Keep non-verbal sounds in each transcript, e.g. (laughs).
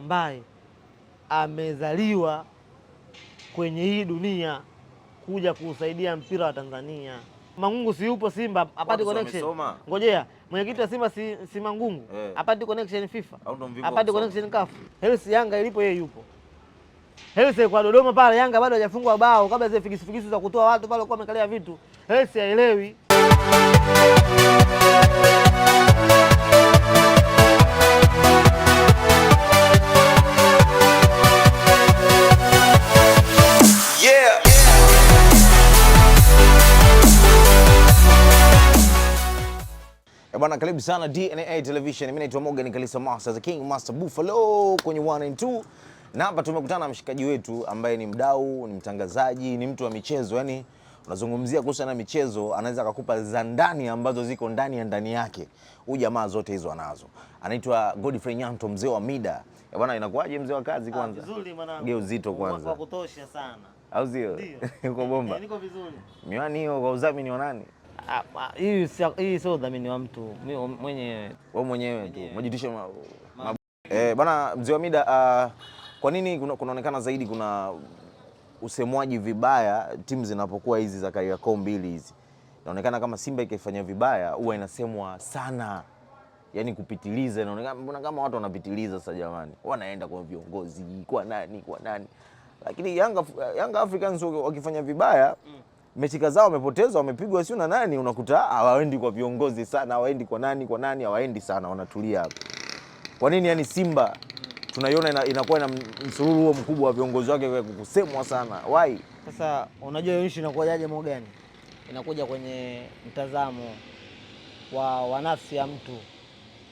ambaye amezaliwa kwenye hii dunia kuja kuusaidia mpira wa Tanzania. Mangungu si yupo Simba apati connection. Ngojea, mwenyekiti wa Simba si, si Mangungu hey. Eh. apati connection FIFA, apati connection CAF. Helsi Yanga ilipo yeye yupo. Helsi kwa Dodoma pale Yanga bado hajafungwa bao kabla zile figisi figisi za kutoa watu pale kwa amekalia vitu. Helsi haelewi Bwana, karibu sana DNA Television. Mimi naitwa Morgan Kalisa Master, the King Master Buffalo kwenye 1 and 2. Na hapa tumekutana na mshikaji wetu ambaye ni mdau, ni mtangazaji, ni mtu wa michezo. Yaani unazungumzia kuhusu na michezo, anaweza akakupa za ndani ambazo ziko ndani ya ndani yake. Huyu jamaa zote hizo anazo. Anaitwa Godfrey Nyanto, mzee wa mida. Ya bwana, inakuwaje mzee wa kazi kwanza? Ah, vizuri mwanangu. Geu zito kwanza. Kwa kutosha sana. Au sio? (laughs) Uko bomba. Eh, niko vizuri. Miwani hiyo kwa udhamini wa nani? Ah, ah, hii hii sio udhamini wa mtu mwenyewe, wewe mwenyewe tu majitisho eh, bwana mzee wa Mida uh, kwa nini kunaonekana zaidi kuna usemwaji vibaya timu zinapokuwa hizi za Kariakoo mbili hizi? Inaonekana kama Simba ikifanya vibaya huwa inasemwa sana, yani kupitiliza. Inaonekana mbona kama watu wanapitiliza sasa, jamani, wanaenda kwa viongozi, kwa nani, kwa nani. Lakini Yanga, Yanga Africans wakifanya vibaya mm mechi kadhaa wamepotezwa, wamepigwa sio na nani, unakuta ah, hawaendi kwa viongozi sana, hawaendi kwa nani, kwa nani, hawaendi sana, wanatulia hapo. Kwa nini? Yani Simba tunaiona inakuwa na msururu huo mkubwa wa viongozi wake kwa kusemwa sana why? Sasa unajua hiyo issue inakujaje? Mo gani inakuja kwenye mtazamo wa, wa nafsi ya mtu,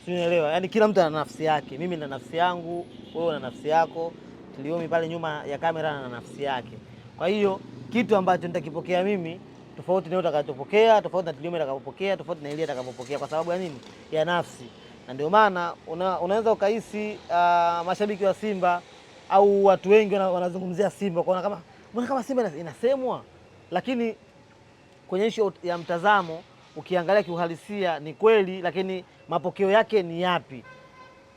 sinaelewa Yani kila mtu ana nafsi yake, mimi na nafsi yangu, wewe una nafsi yako, tuliomi pale nyuma ya kamera na nafsi yake, kwa hiyo kitu ambacho nitakipokea mimi tofauti na utakachopokea, tofauti na Tilima atakapopokea, tofauti na ile atakapopokea, kwa sababu ya nini? Ya nafsi. Na ndio maana una, unaweza ukahisi uh, mashabiki wa Simba au watu wengi wanazungumzia Simba kwaona kama mbona kama Simba inasemwa, lakini kwenye ishu ya mtazamo ukiangalia kiuhalisia ni kweli, lakini mapokeo yake ni yapi?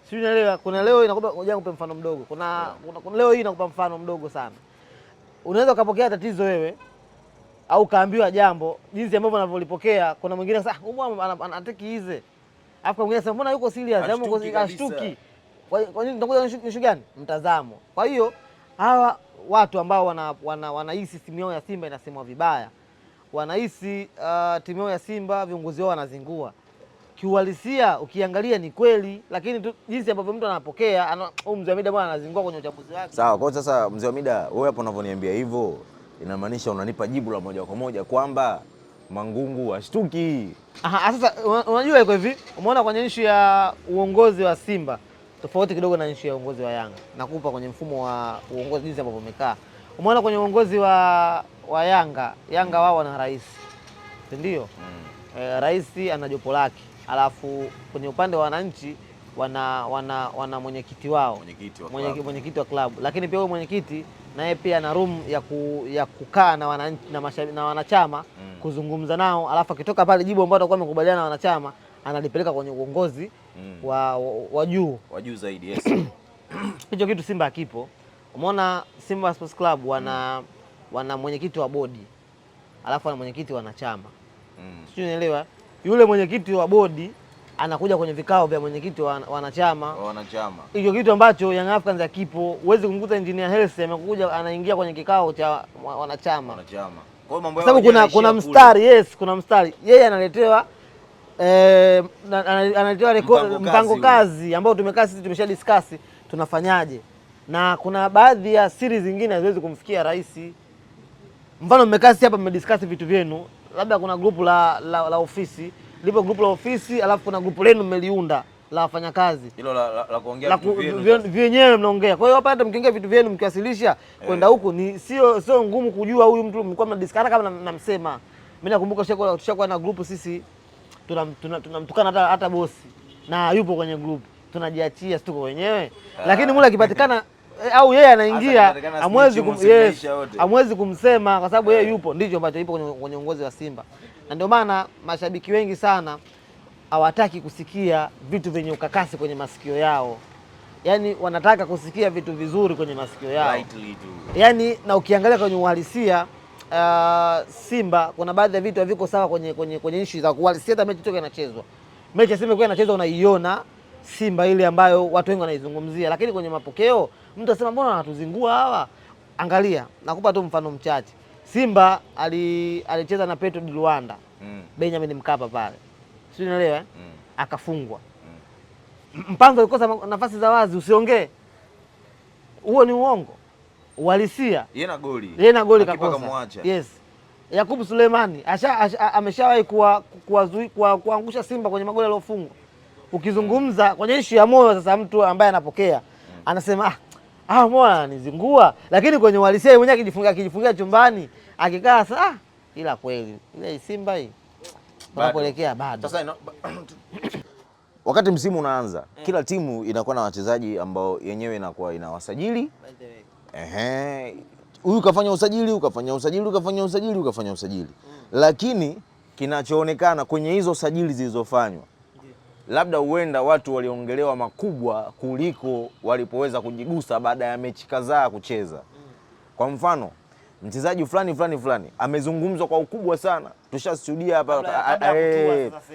Si unaelewa? Kuna leo inakupa, ngoja nikupe mfano mdogo. Kuna, kuna, kuna leo hii inakupa mfano mdogo sana unaweza ukapokea tatizo wewe au kaambiwa jambo jinsi ambavyo anavyolipokea. Kuna mwingine sasa hize, afu mwingine sasa, mbona yuko serious, yaani ashtuki. Kwa nini? Tunakuja nishu gani? Mtazamo. Kwa hiyo hawa watu ambao wanahisi wana, wana timu yao ya Simba inasemwa vibaya, wanahisi uh, timu yao ya Simba viongozi wao wanazingua kiuhalisia ukiangalia ni kweli, lakini tu, jinsi ambavyo mtu anapokea huyu mzee wa mida bwana anazingua kwenye uchambuzi wake. Sawa, kwa sasa, mzee wa mida, wewe hapo unavyoniambia hivyo, inamaanisha unanipa jibu la moja kwa moja kwamba Mangungu ashtuki. Aha, ah, sasa unajua iko hivi, umeona kwenye issue ya uongozi wa Simba tofauti kidogo na issue ya uongozi wa Yanga. Nakupa kwenye mfumo wa uongozi jinsi ambavyo umekaa. Umeona kwenye uongozi wa, wa Yanga, Yanga wao wana rais, si ndio? Mm. E, rais ana jopo lake alafu kwenye upande wa wananchi wana, wana, wana mwenyekiti wao mwenyekiti wa klabu mwenye, lakini pia huyo mwenyekiti naye pia ana room ya, ku, ya kukaa na wananchi na, masha, na wanachama mm. kuzungumza nao alafu akitoka pale jibu ambalo atakuwa amekubaliana na wanachama analipeleka kwenye uongozi mm. wa, wa, wa juu wa juu zaidi yes. (clears throat) Hicho kitu Simba hakipo. Umeona Simba Sports Club wana, mm. wana mwenyekiti wa bodi alafu wana mwenyekiti wanachama mm. sijui unaelewa yule mwenyekiti wa bodi anakuja kwenye vikao vya mwenyekiti wa wanachama wanachama, hicho kitu ambacho Young Africans hakipo. Huwezi kumkuta engineer Hersi amekuja anaingia kwenye kikao cha wanachama wanachama, kwa mambo sababu kuna kuna mstari yes, kuna mstari yeye analetewa eh, analetewa mpango, mpango kazi ambao tumekaa sisi, tumesha discuss tunafanyaje, na kuna baadhi ya siri zingine haziwezi kumfikia rais. Mfano mmekaa sisi hapa mmediscuss vitu vyenu labda kuna grupu la, la, la ofisi lipo grupu la ofisi, alafu kuna grupu lenu mmeliunda la wafanyakazi hilo la, la, la kuongea vitu vyenyewe mnaongea. Kwa hiyo hapa hata mkiongea vitu vyenu mkiwasilisha eh. kwenda huko ni sio sio ngumu kujua huyu mtu mlikuwa hata kama namsema. Mimi nakumbuka tushakuwa na grupu sisi tunamtukana tuna, tuna hata, hata bosi na yupo kwenye grupu tunajiachia situko wenyewe, ah. lakini mule akipatikana Eh, au yeye anaingia, amwezi kum, yes, amwezi kumsema kwa sababu yeye eh. yupo, ndicho ambacho ipo kwenye uongozi wa Simba, na ndio maana mashabiki wengi sana hawataki kusikia vitu vyenye ukakasi kwenye masikio yao, yaani wanataka kusikia vitu vizuri kwenye masikio yao yaani, na ukiangalia kwenye uhalisia uh, Simba kuna baadhi ya vitu haviko sawa kwenye, kwenye, kwenye nchi za kuhalisia. Hata mechi toka inachezwa mechi ya Simba inachezwa unaiona Simba ile ambayo watu wengi wanaizungumzia, lakini kwenye mapokeo mtu asema mbona wanatuzingua hawa. Angalia, nakupa tu mfano mchache. Simba alicheza na Petro di Luanda mm. Benjamin Mkapa pale, sio unaelewa eh? mm. akafungwa mm. Mpanzo alikosa nafasi za wazi, usiongee huo ni uongo, uhalisia. Yeye na goli, yeye na goli kakosa. Yes, Yakubu Suleimani ameshawahi kuangusha Simba kwenye magoli aliyofungwa ukizungumza kwenye ishu ya moyo, sasa mtu ambaye anapokea anasema ah, ah moyo ananizingua, lakini kwenye uhalisia mwenyewe akijifungia akijifungia chumbani akikaa sasa ah, ila kweli ile Simba hii tunapoelekea bado sasa (coughs) wakati msimu unaanza mm. Kila timu inakuwa na wachezaji ambao yenyewe inakuwa inawasajili. Ehe, huyu kafanya usajili, ukafanya usajili, ukafanya usajili, ukafanya usajili mm. Lakini kinachoonekana kwenye hizo sajili zilizofanywa labda huenda watu waliongelewa makubwa kuliko walipoweza kujigusa baada ya mechi kadhaa kucheza. Kwa mfano mchezaji fulani fulani fulani amezungumzwa kwa ukubwa sana, tushashuhudia hapa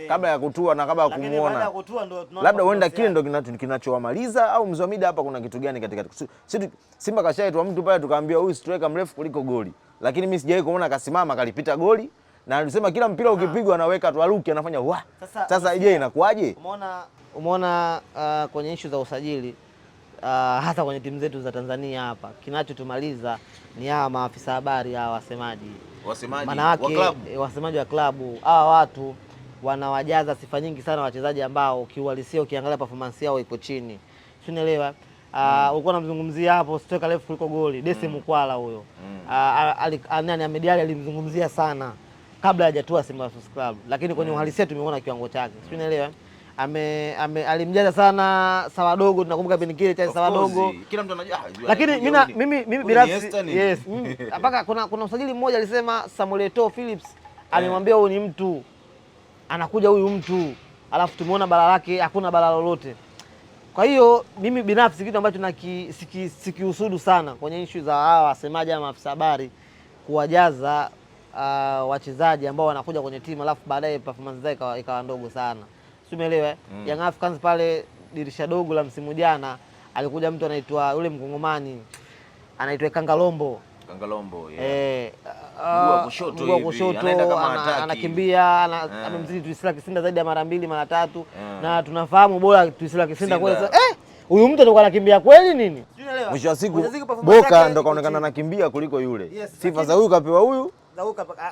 kabla ya eh, kutua na kabla ya kumuona, labda huenda kile ndo kinachowamaliza au mzamida hapa kuna kitu gani katikati. Simba kashaitwa mtu pale, tukaambia huyu striker mrefu kuliko goli, lakini mimi sijawahi kuona kasimama kalipita goli na alisema kila mpira ah. ukipigwa anaweka tu aruki anafanya wa. Sasa, je, inakuwaje? Umeona, umeona uh, kwenye ishu za usajili uh, hasa kwenye timu zetu za Tanzania hapa kinachotumaliza ni hawa maafisa habari hawa wasemaji wasemaji manake eh, wasemaji wa klabu hawa watu wanawajaza sifa nyingi sana wachezaji ambao kiuhalisia ukiangalia performance yao iko chini, sinaelewa uh, mm. ulikuwa uh, namzungumzia hapo stoka refu kuliko goli Desi mm. Mkwala huyo mm. uh, al, al, al, nani Ahmed Ally alimzungumzia sana kabla hajatua Simba Sports Club, lakini kwenye mm. uhalisia tumeona kiwango chake, sio unaelewa ame, ame alimjaza sana Sawadogo, tunakumbuka kipindi kile cha Sawadogo, kila mtu anajua, lakini mina, mimi mimi binafsi yes mpaka mm. (laughs) kuna kuna msajili mmoja alisema Samuel Eto'o Phillips eh. amemwambia huyu ni mtu anakuja huyu mtu, alafu tumeona bala lake hakuna bala lolote. Kwa hiyo mimi binafsi kitu ambacho nakihusudu siki, sana kwenye issue za hawa wasemaji ama maafisa habari kuwajaza uh, wachezaji ambao wanakuja kwenye timu alafu baadaye performance zao ikawa ndogo sana, si umeelewa? Eh? mm. Young Africans pale dirisha dogo la msimu jana alikuja mtu anaitwa yule mkongomani anaitwa Kangalombo Kangalombo, yeah. Eh, uh, kushoto hivi kushoto, anaenda kama anakimbia ana, yeah. amemzidi Tuisila Kisinda zaidi ya mara mbili mara tatu yeah. na tunafahamu bora Tuisila Kisinda kwa sasa eh huyu mtu atakuwa anakimbia kweli nini? Mwisho wa siku Boka ndo kaonekana anakimbia kuliko yule. Yes, sifa za huyu kapewa huyu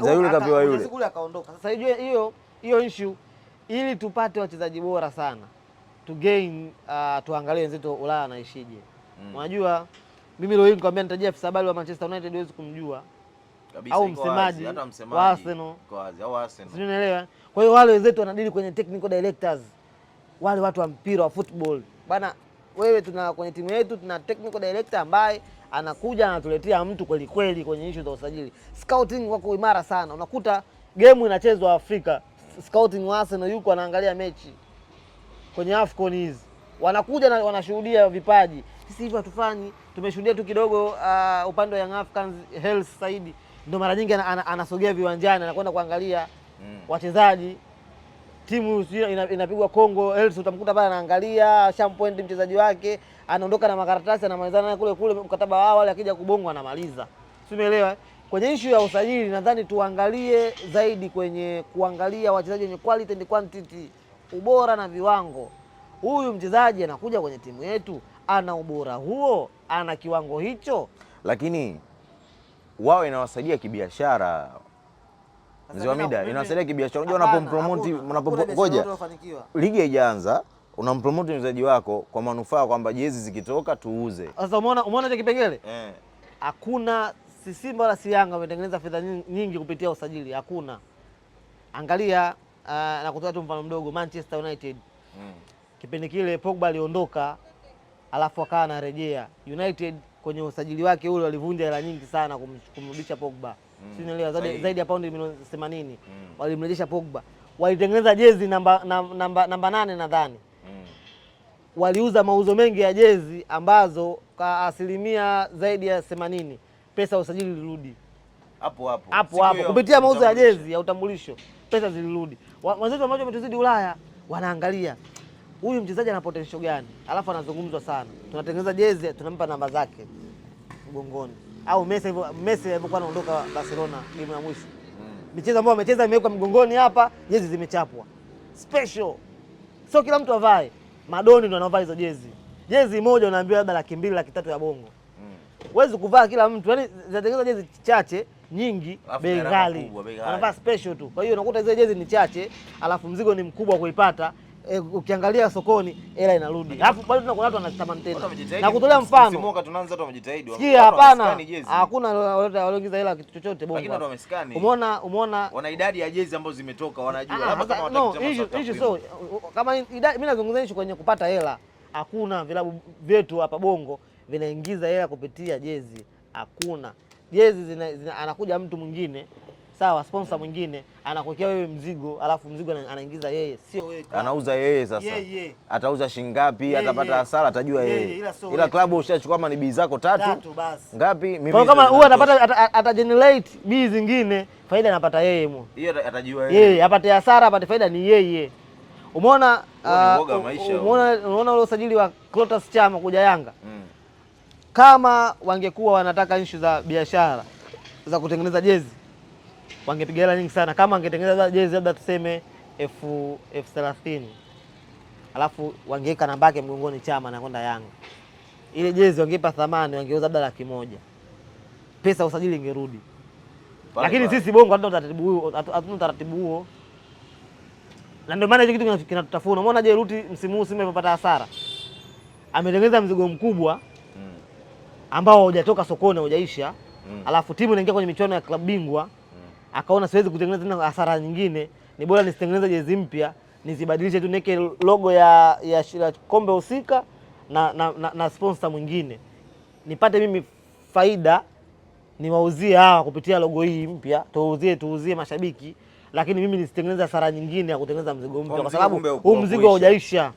za yule ah, kapewa yule, akaondoka. Sasa hiyo hiyo hiyo issue, ili tupate wachezaji bora sana to gain, uh, tuangalie wenzetu Ulaya anaishije. Mm. Unajua mm. mimi leo hii nikwambia nitajia afisa habari wa Manchester United huwezi kumjua kabisa, au msemaji wa Arsenal kwa wazi au Arsenal, sio unaelewa? Kwa hiyo wale wenzetu wanadili kwenye technical directors, wale watu wa mpira wa football bana, wewe tuna kwenye timu yetu tuna technical director ambaye anakuja anatuletea mtu kweli kweli kwenye ishu za usajili. Scouting wako imara sana, unakuta gemu inachezwa Afrika, scouting wa Arsenal yuko anaangalia mechi kwenye Afcon hizi, wanakuja na wanashuhudia vipaji. Sisi hivyo hatufanyi, tumeshuhudia tu kidogo. Uh, upande wa Young Africans Hersi Said ndio mara nyingi anasogea viwanjani, anakwenda kuangalia mm. wachezaji timu inapigwa Kongo, Elso utamkuta pale anaangalia shampoint mchezaji wake anaondoka na makaratasi anamalizana naye kule kule mkataba wao, wale akija kubongwa anamaliza, simeelewa eh? Kwenye issue ya usajili, nadhani tuangalie zaidi kwenye kuangalia wachezaji wenye quality and quantity, ubora na viwango. Huyu mchezaji anakuja kwenye timu yetu, ana ubora huo, ana kiwango hicho, lakini wao inawasaidia kibiashara mzee wa mida inawasaidia kibiashara. Unajua unapompromote unapopokoja ligi haijaanza unampromote mchezaji wako kwa manufaa kwamba jezi zikitoka tuuze. Sasa umeona, umeona cha kipengele eh, hakuna si Simba wala si Yanga wametengeneza fedha nyingi kupitia usajili, hakuna. Angalia uh, na kutoa tu mfano mdogo Manchester United mm. Kipindi kile Pogba aliondoka, alafu akawa anarejea United kwenye usajili wake ule walivunja hela nyingi sana kumrudisha Pogba mm. zaidi, zaidi ya paundi milioni 80 mm. walimrejesha Pogba, walitengeneza jezi namba namba namba nane nadhani mm. waliuza mauzo mengi ya jezi ambazo kwa asilimia zaidi ya 80 pesa ya usajili ilirudi hapo hapo hapo hapo kupitia mauzo ya jezi ya utambulisho, pesa zilirudi. Wenzetu ambao wametuzidi Ulaya wanaangalia huyu mchezaji ana potential gani, alafu anazungumzwa sana, tunatengeneza jezi, tunampa namba zake mgongoni au Messi Messi alipokuwa anaondoka Barcelona game ya mwisho mm. michezo ambayo amecheza imewekwa mgongoni hapa, jezi zimechapwa special, sio kila mtu avae. Madoni ndo anavaa hizo jezi, jezi moja unaambiwa labda laki mbili laki tatu ya bongo mm. huwezi kuvaa kila mtu, yaani zinatengeneza jezi chache nyingi, bei ghali, anavaa special tu. Kwa hiyo unakuta hizo jezi ni chache, alafu mzigo ni mkubwa kuipata E, ukiangalia sokoni hela inarudi, alafu bado tunakuwa watu wanatamani tena. Na kutolea mfano, Simoka tunaanza sikia, hapana, hakuna walioingiza hela kitu chochote bomba. lakini watu wamesikani. Umeona, umeona, wana idadi ya jezi ambazo zimetoka, wanajua labda ah, kama watakita. Hiyo so kama idadi, mimi nazungumza hicho kwenye kupata hela. Hakuna vilabu vyetu hapa bongo vinaingiza hela kupitia jezi, hakuna jezi zina, zina, anakuja mtu mwingine sawa, sponsor mwingine anakokea wewe mzigo, alafu mzigo anaingiza yeye, sio wewe, anauza yeye. Sasa yeah. atauza shilingi ngapi? Atapata hasara, atajua yeye, ila klabu ushachukua kama ni bii zako tatu ngapi, mimi kama huwa anapata, atagenerate bii zingine, faida anapata yeye mu, yeye atajua yeye, apate hasara, apate faida ni yeye. Umeona, uh, umeona ule usajili wa Clatous Chama kuja Yanga mm. Kama wangekuwa wanataka issue za biashara za kutengeneza jezi wangepiga hela nyingi sana kama wangetengeneza jezi labda tuseme elfu thelathini alafu wangeweka namba yake mgongoni Chama na kwenda Yanga, ile jezi wangepa thamani, wangeuza labda laki moja, pesa usajili ingerudi. Lakini sisi Bongo hatuna utaratibu huo, hatuna utaratibu huo, na ndio maana hicho kitu kinatutafuna. Umeona Ruti msimu huu Simba imepata hasara, ametengeneza mzigo mkubwa mm. ambao haujatoka sokoni, haujaisha, mm. alafu timu inaingia kwenye michuano ya klabu bingwa akaona siwezi kutengeneza tena hasara nyingine, ni bora nisitengeneze jezi mpya nizibadilishe tu niweke logo ya, ya, shira, kombe husika na, na, na, na sponsor mwingine nipate mimi faida, niwauzie hawa kupitia logo hii mpya, tuuzie tuuzie mashabiki, lakini mimi nisitengeneze hasara nyingine ya kutengeneza mzigo mpya, kwa sababu huu mzigo haujaisha.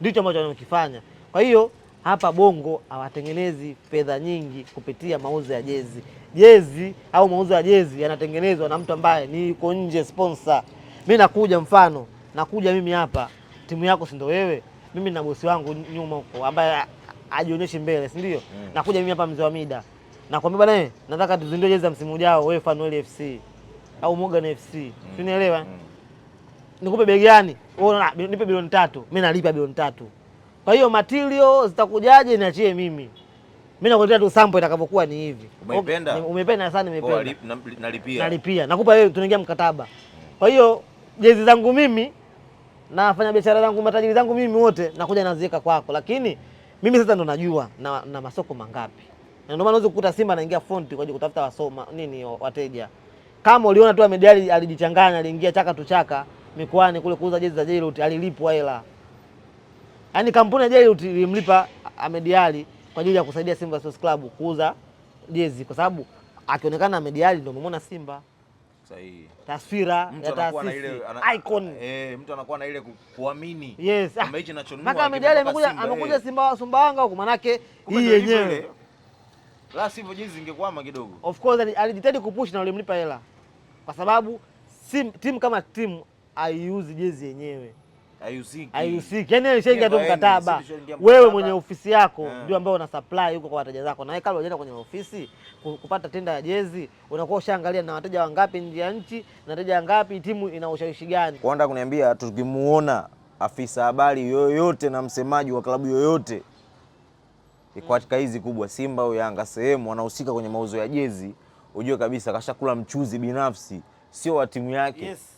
Ndicho ambacho wanakifanya. Kwa hiyo hapa Bongo hawatengenezi fedha nyingi kupitia mauzo ya jezi jezi au mauzo ya jezi yanatengenezwa na mtu ambaye ni yuko nje sponsor. Mimi nakuja mfano, nakuja mimi hapa, timu yako si ndio wewe? Mimi na bosi wangu nyuma huko ambaye ajionyeshi mbele, si ndio? Mm. Nakuja mimi hapa mzee wa mida. Nakwambia bwana, eh, nataka tuzindue jezi za msimu ujao wewe Fanuel FC au Morgan FC. Mm. Unielewa? Mm. Nikupe bei gani? Wewe nipe bilioni tatu. Mimi nalipa bilioni tatu. Kwa hiyo material zitakujaje niachie mimi. Mimi nakuletea tu sample itakavyokuwa ni hivi. Umeipenda? Umeipenda sana nimependa. Nalipia. Nalipia. Nakupa wewe tunaingia mkataba. Kwa hiyo jezi zangu mimi na wafanya biashara zangu matajiri zangu mimi wote nakuja naziweka kwako, lakini mimi sasa ndo najua na, na masoko mangapi. Na ndio maana unaweza kukuta Simba anaingia fonti kwa ajili kutafuta wasoma nini wateja. Kama uliona tu amediali alijichanganya aliingia chaka tu chaka mikoani kule kuuza jezi za Jairut alilipwa hela. Yaani kampuni ya Jairut ilimlipa amediali kwa ajili ya kusaidia Simba Sports Club kuuza jezi, kwa sababu akionekana mediali ndio umemwona Simba sahihi, taswira ya taasisi icon, eh, mtu anakuwa na ile kuamini yes, kama hichi ah, nachonunua mpaka mediali amekuja amekuja Simba wa Sumbawanga huko, manake hii yenyewe la sivyo jezi zingekwama kidogo. Of course alijitahidi kupush na ulimlipa hela, kwa sababu timu kama timu haiuzi jezi yenyewe haihusiki yani ishaingia yaani tu mkataba, wewe mwenye ofisi yako eh. ndio ambao una supply huko kwa wateja zako, na wewe kabla hujaenda kwenye ofisi kupata tenda ya jezi unakuwa ushaangalia na wateja wangapi nje ya nchi na wateja wangapi, timu ina ushawishi gani. Kwa kuniambia, tukimuona afisa habari yoyote na msemaji wa klabu yoyote katika hizi kubwa, Simba au Yanga, sehemu wanahusika kwenye mauzo ya jezi, ujue kabisa kashakula mchuzi binafsi, sio wa timu yake yes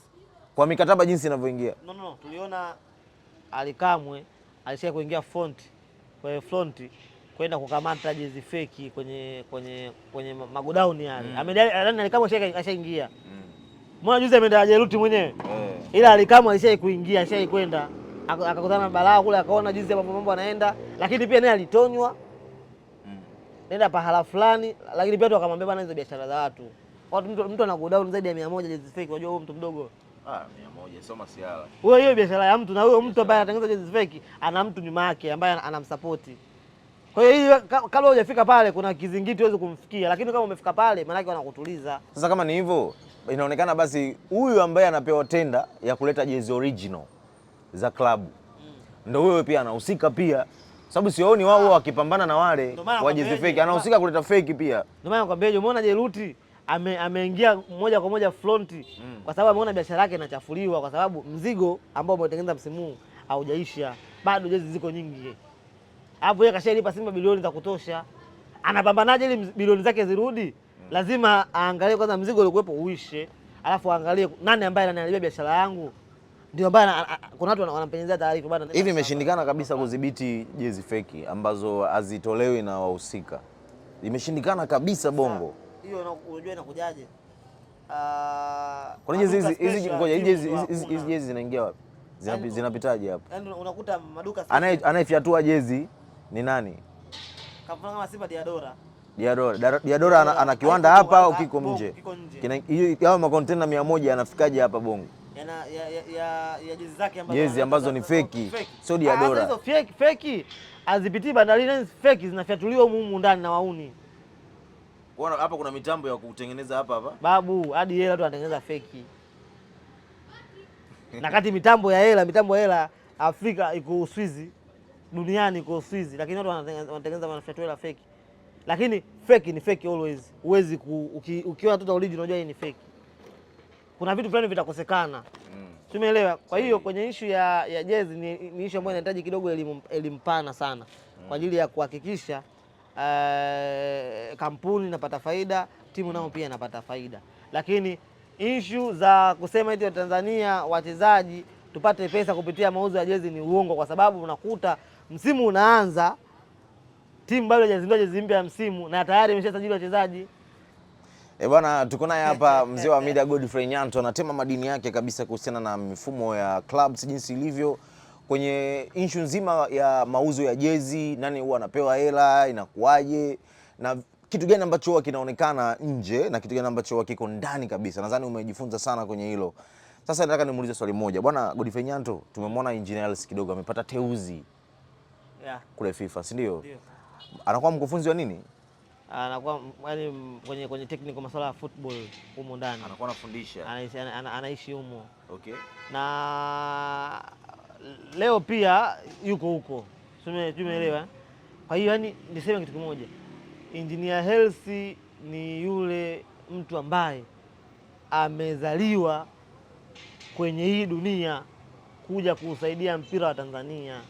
kwa mikataba jinsi inavyoingia. No, no, no. Tuliona Alikamwe alishia kuingia front kwenye front kwenda kukamata jezi feki kwenye kwenye kwenye magodown yale. Mm. Amedai yaani Alikamwe ashaingia. Mm. Mbona juzi ameenda Jeruti mwenyewe? Eh. Ila Alikamwe alishia kuingia, alishia kwenda akakutana na balaa kule akaona jinsi mambo mambo anaenda, lakini pia naye alitonywa. Mm. Nenda pahala fulani, lakini pia tu akamwambia bana, hizo biashara za watu. Watu mtu, mtu ana godown zaidi ya 100 jezi feki, unajua huyo mtu mdogo. Ah, huyo hiyo biashara ya mtu na huyo mtu ambaye anatengeneza jezi fake ana mtu nyuma yake ambaye anamsapoti. Kwa hiyo hii kabla hujafika pale kuna kizingiti uweze kumfikia, lakini kama umefika pale maana yake wanakutuliza. Sasa kama ni hivyo inaonekana basi huyu ambaye anapewa tenda ya kuleta jezi original za klabu mm, ndio huyo pia anahusika pia sababu sioni wao wakipambana na wale wa jezi fake, anahusika kuleta fake pia. Ndio maana nakwambia, umeona Jeruti ameingia ame, moja kwa moja fronti mm. kwa sababu ameona biashara yake inachafuliwa, kwa sababu mzigo ambao umetengeneza msimu huu haujaisha bado, jezi ziko nyingi hapo. Yeye kashalipa Simba bilioni za kutosha, anapambanaje ili bilioni zake zirudi? mm. lazima aangalie kwanza mzigo uliokuwepo uishe, alafu aangalie nani ambaye ananiharibia biashara yangu. Ndio bana, kuna watu wanampenyezea taarifa bana. Hivi imeshindikana kabisa kudhibiti jezi feki ambazo hazitolewi na wahusika, imeshindikana kabisa Bongo ha hiyo unajua inakujaje? Ah, Kwa jezi hizi, ngoja hizi hizi jezi zinaingia wapi? Yaani, zinapitaje hapo? Yaani unakuta maduka anayefyatua jezi ni nani? Kampuni kama Simba Diadora. Diadora, Diadora ana ana kiwanda hapa au kiko nje? Hiyo makontena mia moja yanafikaje hapa Bongo? ya, ya, ya, ya Jezi zake ambazo jezi ambazo ni feki, sio Diadora. Ah, hizo feki feki hazipitii bandarini, yaani feki zinafyatuliwa humu ndani na wauni hapa kuna mitambo ya kutengeneza hapa hapa babu, hadi hela tu anatengeneza feki (laughs) na kati mitambo ya hela, mitambo ya hela Afrika iko Uswizi, duniani iko Uswizi, lakini watu wanatengeneza manufacture hela feki. Lakini feki ni feki always, huwezi ukiona uki tu original unajua hii ni feki. Kuna vitu fulani vitakosekana mm. Tumeelewa. Kwa hiyo kwenye ishu ya, ya jezi ni, ni ishu ambayo inahitaji kidogo elimu elimu pana sana mm. kwa ajili ya kuhakikisha uh, kampuni inapata faida, timu nao pia inapata faida, lakini ishu za kusema eti Watanzania wachezaji tupate pesa kupitia mauzo ya jezi ni uongo, kwa sababu unakuta msimu unaanza, timu bado haijazindua jezi mpya ya msimu na tayari imeshasajili wachezaji. E bwana, tuko naye hapa (laughs) mzee wa media Godfrey Nyanto anatema madini yake kabisa kuhusiana na mifumo ya clubs jinsi ilivyo kwenye issue nzima ya mauzo ya jezi, nani huwa anapewa hela, inakuwaje na kitu gani ambacho huwa kinaonekana nje na kitu gani ambacho huwa kiko ndani kabisa. Nadhani umejifunza sana kwenye hilo. Sasa nataka nimuulize swali moja, bwana Godfrey Nyanto, tumemwona engineer kidogo amepata teuzi yeah, kule FIFA, si ndio? Yeah. Anakuwa mkufunzi wa nini? Anakuwa yani kwenye kwenye technical masuala ya football humo ndani. Anakuwa anafundisha. Anaishi humo. Okay. Na leo pia yuko huko, umeelewa? Eh? Kwa hiyo yani, niseme kitu kimoja, Engineer health ni yule mtu ambaye amezaliwa kwenye hii dunia kuja kuusaidia mpira wa Tanzania.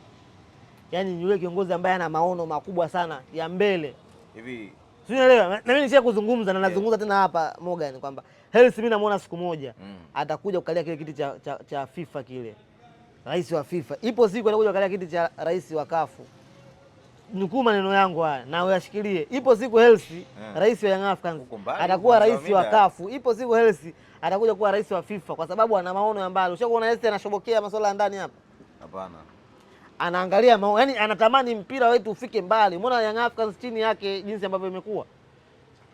Yaani ni yule kiongozi ambaye ana maono makubwa sana ya mbele hivi, si Na mimi nisha kuzungumza na nazungumza yeah, tena hapa Morgan kwamba Hersi mimi namuona siku moja mm, atakuja kukalia kile kiti cha, cha, cha FIFA kile rais wa FIFA. Ipo siku atakuja kalia kiti cha rais wa kafu. Nukuu maneno yangu haya na uyashikilie. Ipo siku Helsi, eh. rais wa Young Africans atakuwa rais wa kafu. Ipo siku Helsi atakuja kuwa rais wa FIFA kwa sababu ana maono ya mbali. Ushakuona Helsi anashobokea masuala ya ndani hapa? Hapana. Anaangalia mao, yani anatamani mpira wetu ufike mbali. Umeona Young Africans chini yake jinsi ambavyo imekuwa.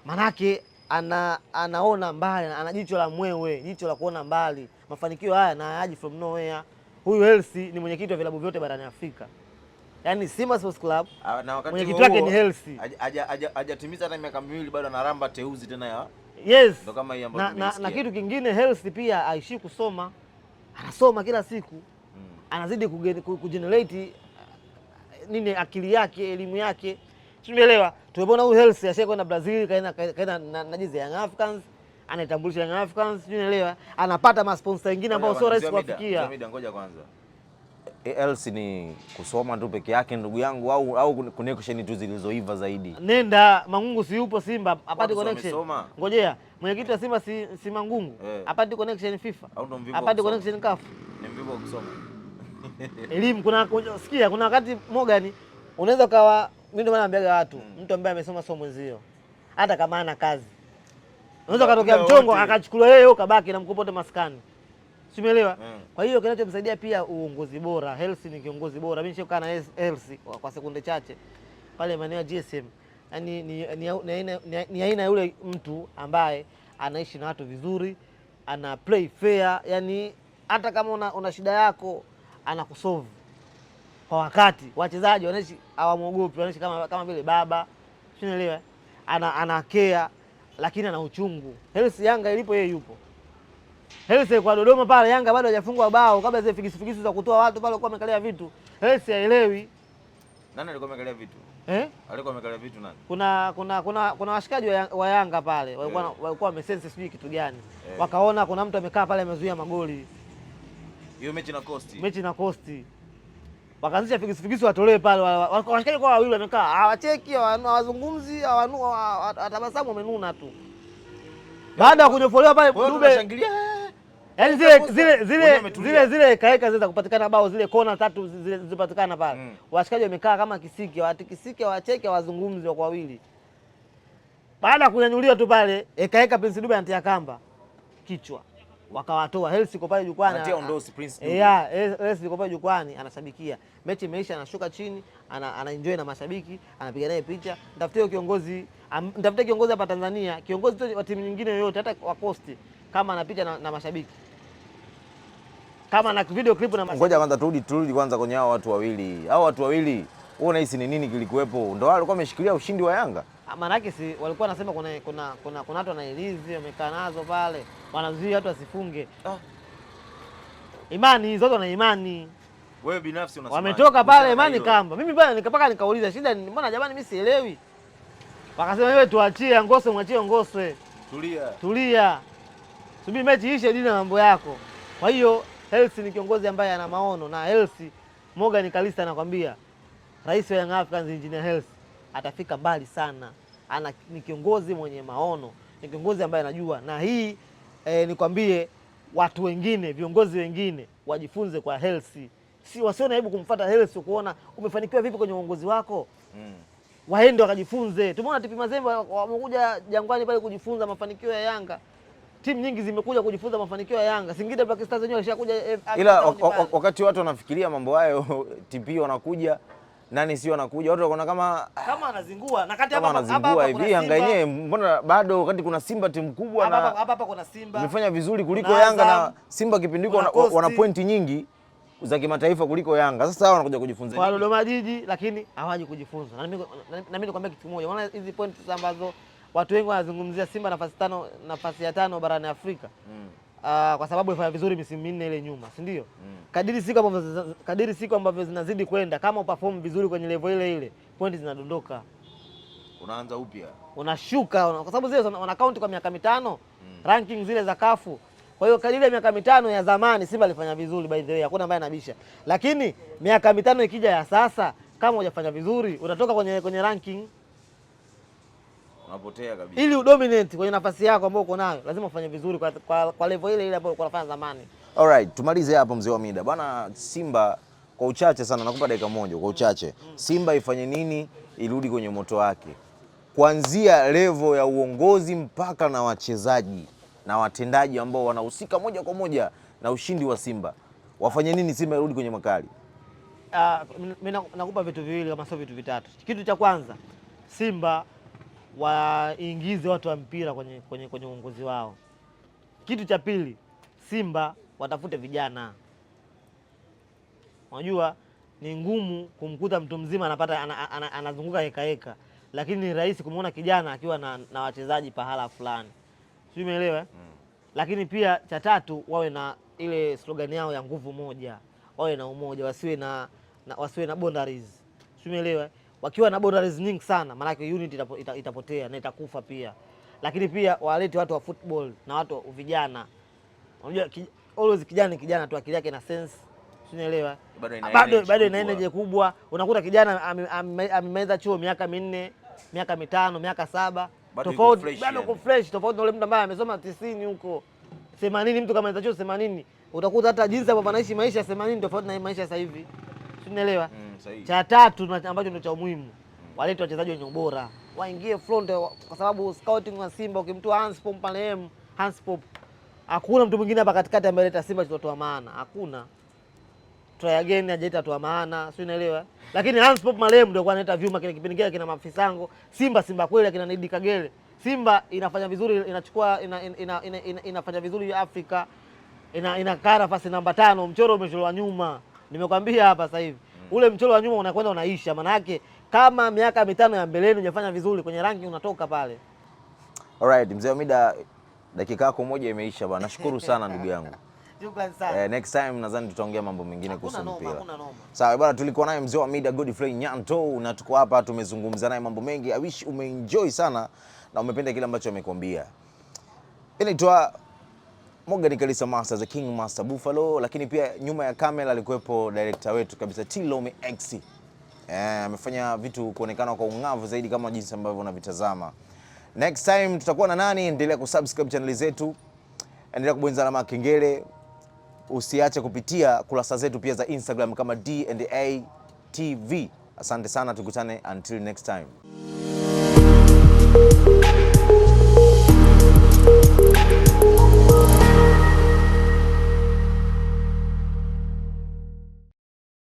Manake ana anaona mbali, ana jicho la mwewe, jicho la kuona mbali. Mafanikio haya na hayaji from nowhere huyu Hersi ni mwenyekiti wa vilabu vyote barani Afrika, yaani Simba Sports Club ah, mwenyekiti wake ni Hersi. Hajatimiza hata miaka miwili bado anaramba teuzi tena ya yes. Ndio Kama hii na, na, na kitu kingine Hersi pia aishii kusoma, anasoma kila siku hmm. Anazidi kujenerate eh, nini akili yake elimu yake, tumeelewa. Tumeona huyu Hersi ashakwenda Brazil, kaenda kaenda na na, na, na, na, na Young Africans anaitambulisha Young Africans, sijui naelewa, anapata masponsa wengine ambao sio rahisi kuwafikia. Ngoja kwanza else ni kusoma tu peke yake ndugu yangu, au au connection tu zilizoiva zaidi. Nenda Mangungu si yupo Simba apate connection. Ngojea mwenyekiti wa Simba si, si Mangungu hey. Eh. apate connection FIFA, apate connection CAF. Ni mvivu kusoma elimu. Kuna sikia, kuna wakati Morgan unaweza kawa, mimi ndio maana naambiaga watu, mm. mtu ambaye amesoma somo mwenzio, hata kama ana kazi unaweza katokea mchongo akachukuliwa yeye kabaki na mkopo maskani, si umeelewa? Mm. Kwa hiyo kinachomsaidia pia uongozi bora. Hersi ni kiongozi bora. Mimi nishakaa na Hersi kwa sekunde chache pale maeneo ya GSM, yaani ni aina ya yule mtu ambaye anaishi na watu vizuri, ana play fair, yani hata kama una, una shida yako anakusolve kwa wakati. Wachezaji wanaishi hawamwogopi, wanaishi kama vile baba, sinaelewa, ana anakea lakini ana uchungu. Helsi Yanga ilipo yeye yupo. Helsi kwa Dodoma pale, Yanga bado hajafungwa bao kabla zile figisi figisi za kutoa watu pale kwa amekalia vitu. Helsi haelewi. Nani alikuwa amekalia vitu? Eh? Alikuwa amekalia vitu nani? Kuna kuna kuna kuna washikaji wa, Yanga pale walikuwa eh, walikuwa wamesense sijui kitu gani. Eh. Wakaona kuna mtu amekaa pale amezuia magoli. Hiyo mechi na Costi. Mechi na Costi wakaanzisha figisu figisu, watolee pale washikaji kwa wawili, wamekaa hawacheki, ah, hawazungumzi, hawatabasamu, wamenuna tu. Baada ya kunyofolewa pale Dube, eh, eh, eh, yaani zile zile zile zile zile kaeka zile za kupatikana bao zile kona tatu zile pale mm. Washikaji wamekaa kama kisiki, hawatikisiki, hawacheki, hawazungumzi kwa wawili. Baada ya kunyanyuliwa tu pale ekaeka Prince Dube anatia kamba kichwa wakawatoa Hersi kwa pale jukwani, anatia ondosi Prince yeah, Hersi kwa pale jukwani anashabikia mechi imeisha, anashuka chini ana, ana enjoy na mashabiki, anapiga naye picha. Mtafutie kiongozi mtafutie kiongozi hapa Tanzania, kiongozi wa timu nyingine yoyote, hata wa Coast, kama ana picha na, na mashabiki kama na video clip na mashabiki. Ngoja kwanza turudi turudi kwanza kwenye hao watu wawili, hao watu wawili, wewe unahisi ni nini kilikuwepo? Ndio wale walikuwa wameshikilia ushindi wa Yanga, ah, maana yake si walikuwa wanasema kuna kuna kuna watu wanailizi wamekaa nazo pale wanazuia watu wasifunge. ah. Imani watu wana imani wewe binafsi unasema wametoka pale imani kamba. Mimi pale nikapaka nikauliza shida ni mbona jamani, mimi sielewi. Wakasema wewe tuachie Ngoswe, mwachie Ngoswe. Tulia. Tulia. Subiri mechi ishe dini na mambo yako. Kwa hiyo Hersi ni kiongozi ambaye ana maono na Hersi Morgan Kalista anakwambia Rais wa Young Africans Engineer Hersi atafika mbali sana. Ana ni kiongozi mwenye maono, ni kiongozi ambaye anajua na hii eh, nikwambie watu wengine, viongozi wengine wajifunze kwa Hersi, si wasione aibu kumfuata Hersi, kuona umefanikiwa vipi kwenye uongozi wako mm. Waende wakajifunze. Tumeona TP Mazembe wamekuja Jangwani pale kujifunza mafanikio ya Yanga timu nyingi zimekuja kujifunza mafanikio ya Yanga. Singida Black Stars wenyewe alishakuja, eh, ah, ila wakati watu wanafikiria mambo hayo (laughs) TP wanakuja nani sio anakuja, watu wanaona kama ah, kama anazingua na kati hapa anazingua hivi. Yanga yenyewe mbona bado, wakati kuna Simba timu kubwa na hapa hapa kuna Simba imefanya vizuri kuliko kuna Yanga na Simba kipindi hiko wana, wana pointi nyingi za kimataifa kuliko Yanga. Sasa hao wanakuja kujifunza kwa Dodoma Jiji, lakini hawaji kujifunza. Na mimi na mimi nikwambia kitu kimoja, maana hizi pointi ambazo watu wengi wanazungumzia Simba nafasi tano, nafasi ya tano barani Afrika mm. Uh, kwa sababu ifanya vizuri misimu minne ile nyuma, si ndio? Mm. Kadiri siku ambavyo kadiri siku ambavyo zinazidi kwenda, kama uperform vizuri kwenye level ile ile, pointi zinadondoka, unaanza upya, unashuka una, kwa sababu zile wana count kwa miaka mitano mm. ranking zile za kafu. Kwa hiyo kadiri ya miaka mitano ya zamani Simba alifanya vizuri, by the way, hakuna ambaye anabisha, lakini miaka mitano ikija ya sasa, kama hujafanya vizuri, unatoka kwenye kwenye ranking unapotea kabisa. Ili udominant kwenye nafasi yako ambayo uko nayo, lazima ufanye vizuri kwa, kwa, kwa level ile ile ambayo unafanya zamani. Alright, tumalize hapo mzee wa mida bwana. Simba kwa uchache sana, nakupa dakika moja kwa uchache. Mm. Simba ifanye nini irudi kwenye moto wake, kuanzia level ya uongozi mpaka na wachezaji na watendaji ambao wanahusika moja kwa moja na ushindi wa Simba, wafanye nini Simba irudi kwenye makali? Uh, ah, mimi nakupa vitu viwili kama sio vitu vitatu. Kitu cha kwanza Simba waingize watu wa mpira kwenye, kwenye, kwenye uongozi wao. Kitu cha pili, Simba watafute vijana. Unajua ni ngumu kumkuta mtu mzima anapata anazunguka heka heka, lakini ni rahisi kumwona kijana akiwa na, na wachezaji pahala fulani, sijui umeelewa mm. Lakini pia cha tatu, wawe na ile slogan yao ya nguvu moja, wawe na umoja, wasiwe na, na, wasiwe na boundaries, sijui umeelewa wakiwa na boundaries nyingi sana, maana yake unit itapotea, itapotea na itakufa pia. Lakini pia walete watu wa football na watu vijana. Unajua always kijana kijana tu, akili yake na sense sinaelewa bado bado ina energy kubwa. Unakuta kijana amemaliza chuo miaka minne, miaka mitano, miaka saba, tofauti bado uko fresh, tofauti na yule mtu ambaye amesoma 90 huko 80 Mtu kama chuo 80 utakuta hata jinsi ambavyo anaishi maisha 80 tofauti na maisha sasa hivi, sinaelewa mm cha tatu ambacho ndio cha umuhimu, walete wachezaji wenye ubora waingie front, kwa sababu scouting wa Simba ukimtoa Hans Pop marehemu Hans Pop, hakuna mtu mwingine hapa katikati ambaye aleta Simba kitatoa maana, hakuna try again ajeta toa maana, si unaelewa? Eh? Lakini Hans Pop marehemu ndio kwa analeta vyuma, kile kipindi kile kina mafisango Simba, Simba kweli akina Nedi Kagere Simba inafanya vizuri inachukua ina, ina, ina, ina, ina, inafanya vizuri Afrika ina, ina kara nafasi namba tano, mchoro umechorwa nyuma, nimekwambia hapa sasa hivi. Mm. ule mchoro wa nyuma unakwenda unaisha, maana yake kama miaka mitano ya mbeleni hujafanya vizuri kwenye ranking unatoka pale. Alright, mzee Omida, dakika yako moja imeisha bwana. Nashukuru sana ndugu yangu. (laughs) Eh, next time nadhani tutaongea mambo mengine kuhusu mpira. Sawa bwana, tulikuwa naye mzee wa Mida Godfrey Nyanto na tuko hapa tumezungumza naye mambo mengi. I wish umeenjoy sana na umependa kile ambacho amekwambia. Inaitwa Morgan Kalisa Master, the King Master Buffalo, lakini pia nyuma ya kamera alikuwepo director wetu kabisa Tilomi X. Eh, amefanya vitu kuonekana kwa ung'avu zaidi kama jinsi ambavyo unavitazama. Next time tutakuwa na nani? Endelea kusubscribe channel zetu. Endelea kubonyeza alama ya kengele. Usiache kupitia kurasa zetu pia za Instagram kama D&A TV. Asante sana, tukutane until next time.